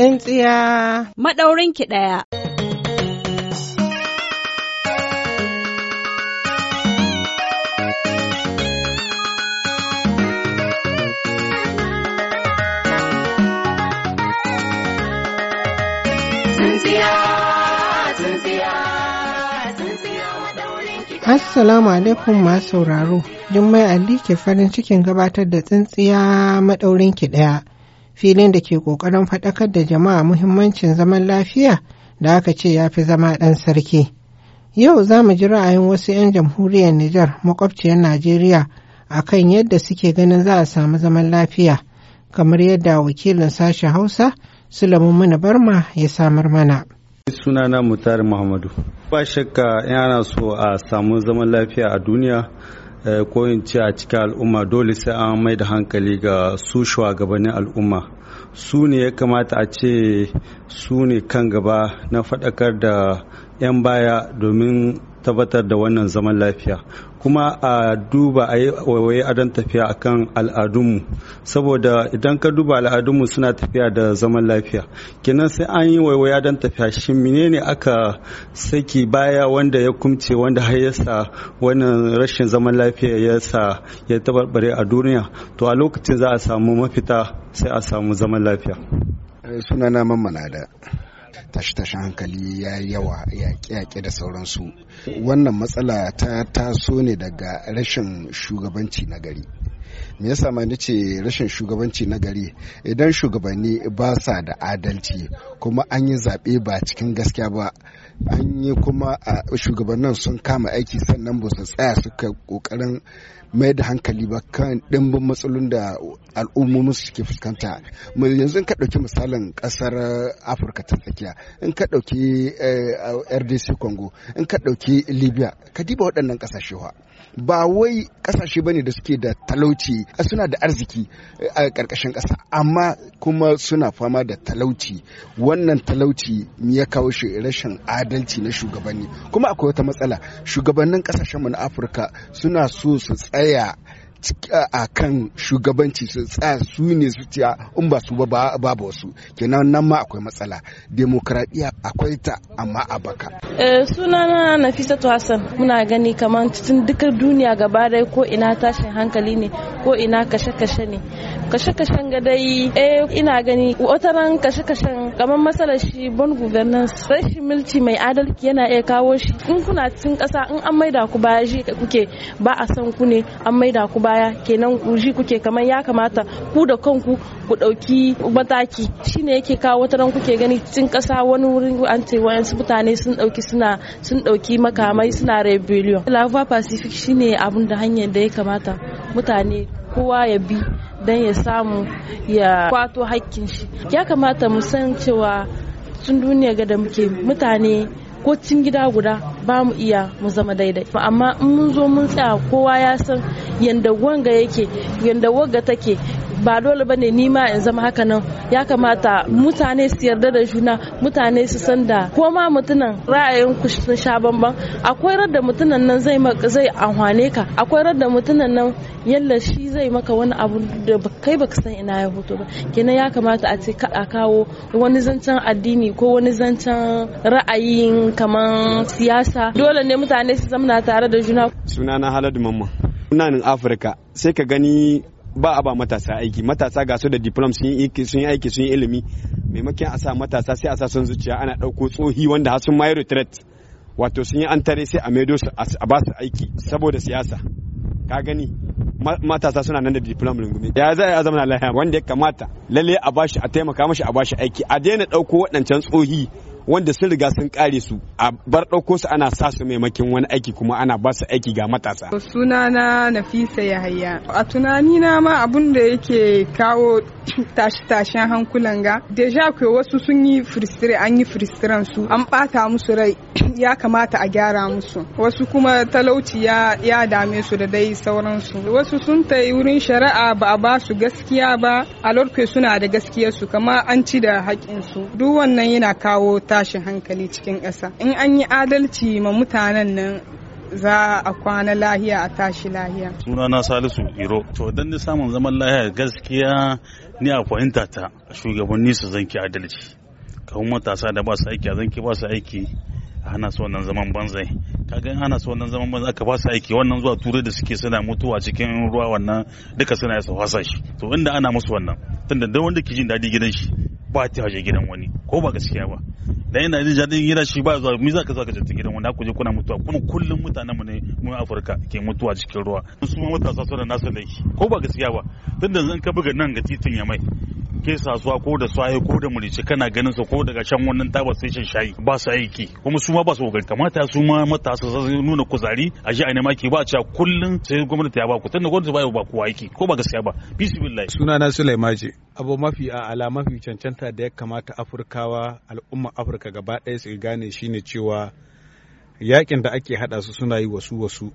Ɗan tsiya. Maɗaurin ki ɗaya. Assalamu alaikum masu sauraro, Jummai Ali ke farin cikin gabatar da tsintsiya maɗaurin ki ɗaya. filin da ke ƙoƙarin faɗakar da jama'a muhimmancin zaman lafiya da aka ce ya fi zama ɗan sarki. Yau za mu ji ra'ayin wasu 'yan jamhuriyar Nijar makwabciyar Najeriya a kan yadda suke ganin za a samu zaman lafiya, kamar yadda wakilin sashen Hausa Sulaiman Mana Barma ya samar mana. Sunana Mutari Muhammadu. Ba shakka ana so a samu zaman lafiya a duniya Eh, ko in ce a cikin al'umma dole sai an mai da hankali ga su shugabannin al'umma su ne ya kamata a ce su ne kan gaba na faɗakar da 'yan baya domin tabbatar da wannan zaman lafiya kuma a duba a yi waiwaye adon tafiya a kan al'adunmu saboda idan ka duba al'adunmu suna tafiya da zaman lafiya kenan sai an yi waiwaye adon tafiya shi menene aka saki baya wanda ya kumce wanda har yasa wannan rashin zaman lafiya ya sa ya tabarbare a duniya to a lokacin za a samu mafita sai a samu zaman lafiya eh, sunana mamman tashe tashe hankali ya yawa yaƙe-yaƙe da sauransu wannan matsala ta taso ne daga rashin shugabanci na gari me yasa ma nace rashin shugabanci na gari idan shugabanni ba sa da adalci kuma an yi zaɓe ba cikin gaskiya ba an yi kuma a shugabannin sun kama aiki sannan ba su tsaya suka kokarin mai da hankali ba kan ɗimbin matsalolin da al'ummomin su ke fuskanta yanzu in ka ɗauki misalin ƙasar afirka ta tsakiya in ka ɗauki eh, rdc congo in ka ɗauki libya ka diba waɗannan ƙasashe ba wai kasashe bane da suke da talauci suna da arziki eh, a ƙarƙashin ƙasa amma kuma suna fama da talauci wannan talauci ya kawo shi rashin adalci na shugabanni kuma akwai wata matsala shugabannin ƙasashenmu na afirka suna so su tsaya a kan shugabanci su tsaya su ne su ciya in ba su ba babu wasu kenan nan ma akwai matsala demokradiyya akwai ta amma a baka eh, sunana nafisatu hassan muna gani kamar cikin duka duniya gaba dai ko ina tashin hankali ne ko ina kashe-kashe ne kashe-kashen gadai eh ina gani ran kashe-kashen kamar matsalar shi bon governance rashin milci mai adalci yana iya kawo shi in kuna cikin kasa in an maida ku ba shi kuke ba a san ku ne an maida ku ba baya kenan guji kuke kamar ya kamata ku da kanku ku ɗauki mataki shine yake kawo wata ran kuke gani cikin kasa wani wurin an ce wayansu mutane sun dauki suna sun ɗauki makamai suna rebellion lava pacific shine abin da hanyar da ya kamata mutane kowa ya bi dan ya samu ya kwato hakkin shi ya kamata mu san cewa tun duniya ga da muke mutane ko cin gida guda ba mu iya mu zama daidai amma in mun zo mun tsaya kowa ya san yanda wanga yake yanda waga take ba dole bane ni ma in zama haka nan ya kamata mutane su yarda da juna mutane su san da ko ma mutunan ra'ayin ku sun sha bamban akwai radda mutunan nan zai zai anhwane ka akwai radda mutunan nan yalla shi zai maka wani abu da kai baka san ina ya hoto ba kenan ya kamata a ce a kawo wani zancen addini ko wani zancen ra'ayin kaman siyasa dole ne mutane su zamana tare da juna sunana haladu mamman nan afirka sai ka gani ba a ba matasa aiki matasa ga su da diplom sun yi aiki sun yi ilimi maimakon a sa matasa sai a sa son zuciya ana ɗauko tsohi wanda har sun mayar retret wato sun yi an tare sai a maido su a ba su aiki saboda siyasa ka gani matasa suna nan da diplom rungume ya za a zama lahiya wanda ya kamata lalle a bashi a taimaka mashi a bashi aiki a daina ɗauko waɗancan tsohi wanda sun riga sun kare su a bar ɗauko su ana sa su maimakin wani aiki kuma ana ba su aiki ga matasa. sunana nafisa yahaya a tunani na ma abun da yake kawo tashi-tashen hankulan ga deja akwai wasu sun yi firistire an yi firistiren su an ɓata musu rai ya kamata a gyara musu wasu kuma talauci ya dame su da dai sauransu wasu sun ta wurin shari'a ba a ba su gaskiya ba a lorke suna da gaskiyarsu kama an ci da haƙinsu duk wannan yana kawo tashin hankali cikin ƙasa in an yi adalci ma mutanen nan za a kwana lahiya a tashi lahiya. Sunana Salisu Iro. To dan ni samun zaman lahiya gaskiya ni a fahimta ta shugabanni su zanki adalci. Kawun matasa da ba su aiki a zanki ba su aiki Ana so wannan zaman banzai kaga hana so wannan zaman banzai aka fasa aiki wannan zuwa turai da suke suna mutuwa cikin ruwa wannan duka suna yasa fasa shi to inda ana musu wannan tunda duk wanda ke jin daɗi gidan shi ba ta waje gidan wani ko ba gaskiya ba dan yana jin daɗin gidan shi ba zuwa mi za ka zo ka jinta gidan wani ku je kuna mutuwa kuma kullum mutanen mu ne mu Afirka ke mutuwa cikin ruwa su ma matasa suna nasu shi. ko ba gaskiya ba tunda zan ka buga nan ga titin ya mai ke sasuwa ko da swaye ko da murici kana ganin sa ko daga shan wannan taba sai shan shayi ba su aiki kuma su ma ba su kokari kamata su ma matasa su nuna kuzari a ji a nema ke ba a cewa kullun sai gwamnati ya ba ku tunda gwamnati ba ba kowa aiki ko ba gaskiya ba bismillah sulaiman ji abu mafi a ala mafi cancanta da ya kamata Afirkawa al'umma Afirka gaba ɗaya su gane shine cewa yakin da ake hada su suna yi wasu wasu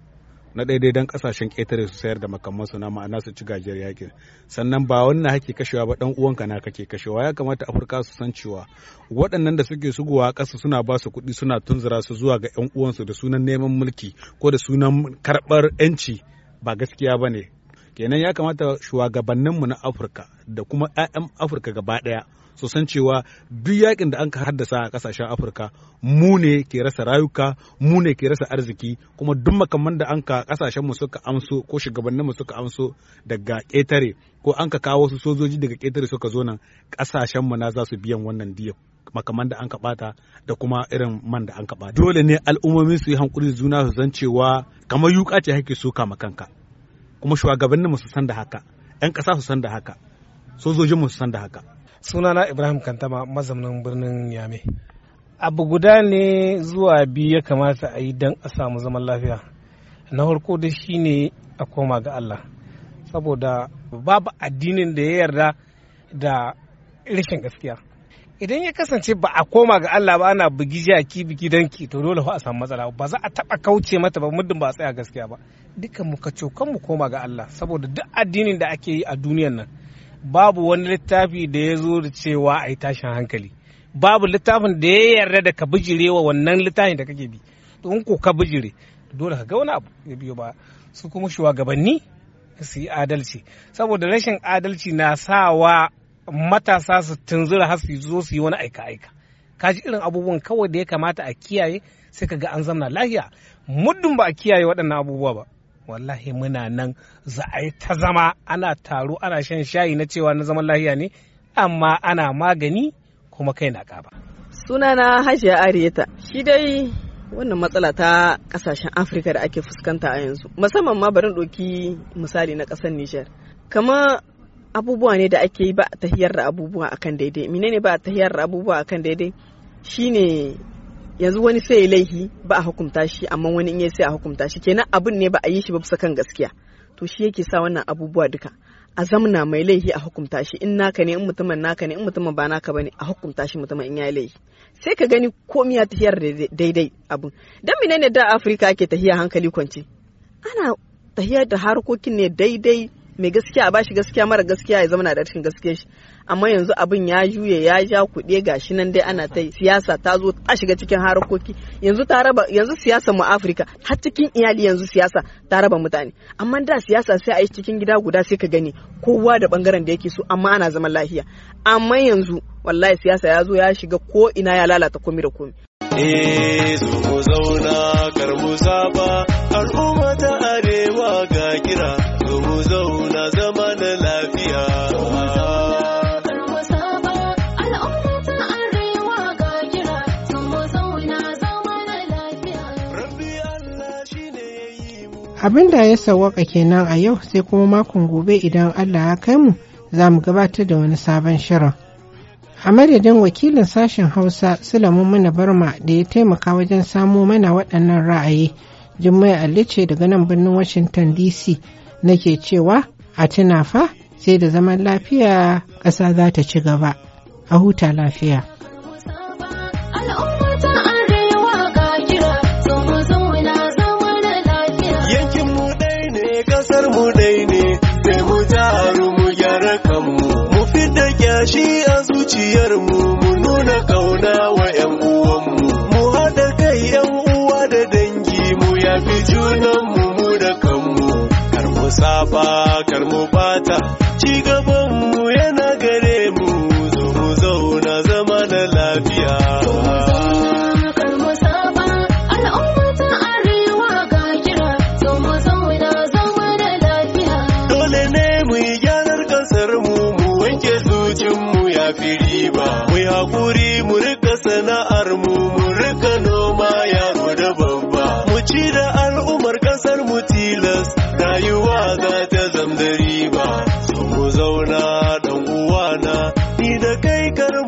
na daidai don kasashen ƙetare su sayar da makamansu na ma'ana su ci gajiyar yakin sannan ba wannan hake kashewa ba dan uwanka na kake kashewa ya kamata afirka su san cewa waɗannan da suke suguwa ƙasa suna ba su kuɗi suna tunzura su zuwa ga 'yan uwansu da sunan neman mulki ko da sunan karɓar 'yanci ba gaskiya ba ne kenan ya kamata shugabanninmu na afirka da kuma 'ya'yan afirka gaba ɗaya su san cewa duk yakin da an ka haddasa a kasashen afirka mu ne ke rasa rayuka mu ne ke rasa arziki kuma duk makamman da an ka kasashenmu suka amso ko shugabanninmu suka amso daga ƙetare ko an ka kawo su sojoji daga ƙetare suka zo nan kasashenmu na za su biyan wannan diya makamman da an ka bata da kuma irin man da an ka bata dole ne al'ummomin su yi hankuri juna su san cewa kamar yuka ce hake suka makanka. kuma shugabannin mu su san da haka yan ƙasa su san da haka sojojin mu su san da haka sunana ibrahim kantama mazaunin birnin yame abu guda ne zuwa biyu ya kamata a yi don a samu zaman lafiya na farko da ne a koma ga allah saboda babu addinin da ya yarda da rashin gaskiya idan ya kasance ba a koma ga Allah ba ana bugi jaki biki danki to dole fa a samu matsala ba za a taba kauce mata ba muddin ba a tsaya gaskiya ba dukan mu kaco kan mu koma ga Allah saboda duk addinin da ake yi a duniyar nan babu wani littafi da ya zo da cewa a yi tashin hankali babu littafin da ya yarda da ka bijirewa wannan littafin da kake bi to in ko ka bijire dole ka ga wani abu ya biyo ba su kuma shugabanni su yi adalci saboda rashin adalci na sawa matasa su tunzura har su zo su yi wani aika-aika kaji irin abubuwan kawai da ya kamata a kiyaye sai ka ga an zamna lahiya muddin ba a kiyaye waɗannan abubuwa ba wallahi muna nan za a yi ta zama ana taro ana shan shayi na cewa na zaman lahiya ne amma ana magani kuma kai na ƙaba. sunana hajiya Arewata shi dai wannan matsala ta kasashen afirka da ake fuskanta a yanzu musamman ma barin ɗoki misali na ƙasar nijar kama abubuwa ne da ake yi ba a tahiyar da abubuwa akan daidai menene ba a tahiyar da abubuwa akan daidai shine yanzu wani sai ya laihi ba a hukunta shi amma wani in ya sai a hukunta shi kenan abin ne ba a yi shi ba bisa kan gaskiya to shi yake sa wannan abubuwa duka a zamna mai laihi a hukunta shi in naka ne in mutumin naka ne in mutumin ba naka bane a hukunta shi mutumin in ya laihi sai ka gani komai ya tafiyar daidai abin dan menene da Afirka ake tahiya hankali kwance ana tahiyar da harkokin ne daidai mai gaskiya a bashi gaskiya mara gaskiya ya zama na da gaskiya shi amma yanzu abin ya juya ya ja kuɗe shi nan dai ana ta siyasa ta zo ta shiga cikin harkoki yanzu ta raba yanzu siyasa mu Afirka har cikin iyali yanzu siyasa ta raba mutane amma da siyasa sai a yi cikin gida guda sai ka gani kowa da bangaren da yake so amma ana zama lafiya amma yanzu wallahi siyasa ya zo ya shiga ko ina ya lalata komi da komi eh zo zauna al'umma ta abin da ya sawaka kenan a yau sai kuma makon gobe idan allah ya kai mu za mu gabatar da wani sabon shirin a madadin wakilin sashen hausa sulamun mana barma da ya taimaka wajen samo mana waɗannan ra'ayi jummai alice daga nan birnin washington dc nake cewa a tuna sai da zaman lafiya ƙasa za ta ci gaba a huta lafiya zuciyarmu mu nuna ƙauna wa 'yan uwanmu mu haɗa kai 'yan uwa da dangi mu yafi junanmu mu da kanmu kar mu saba kar mu bata कई करूँ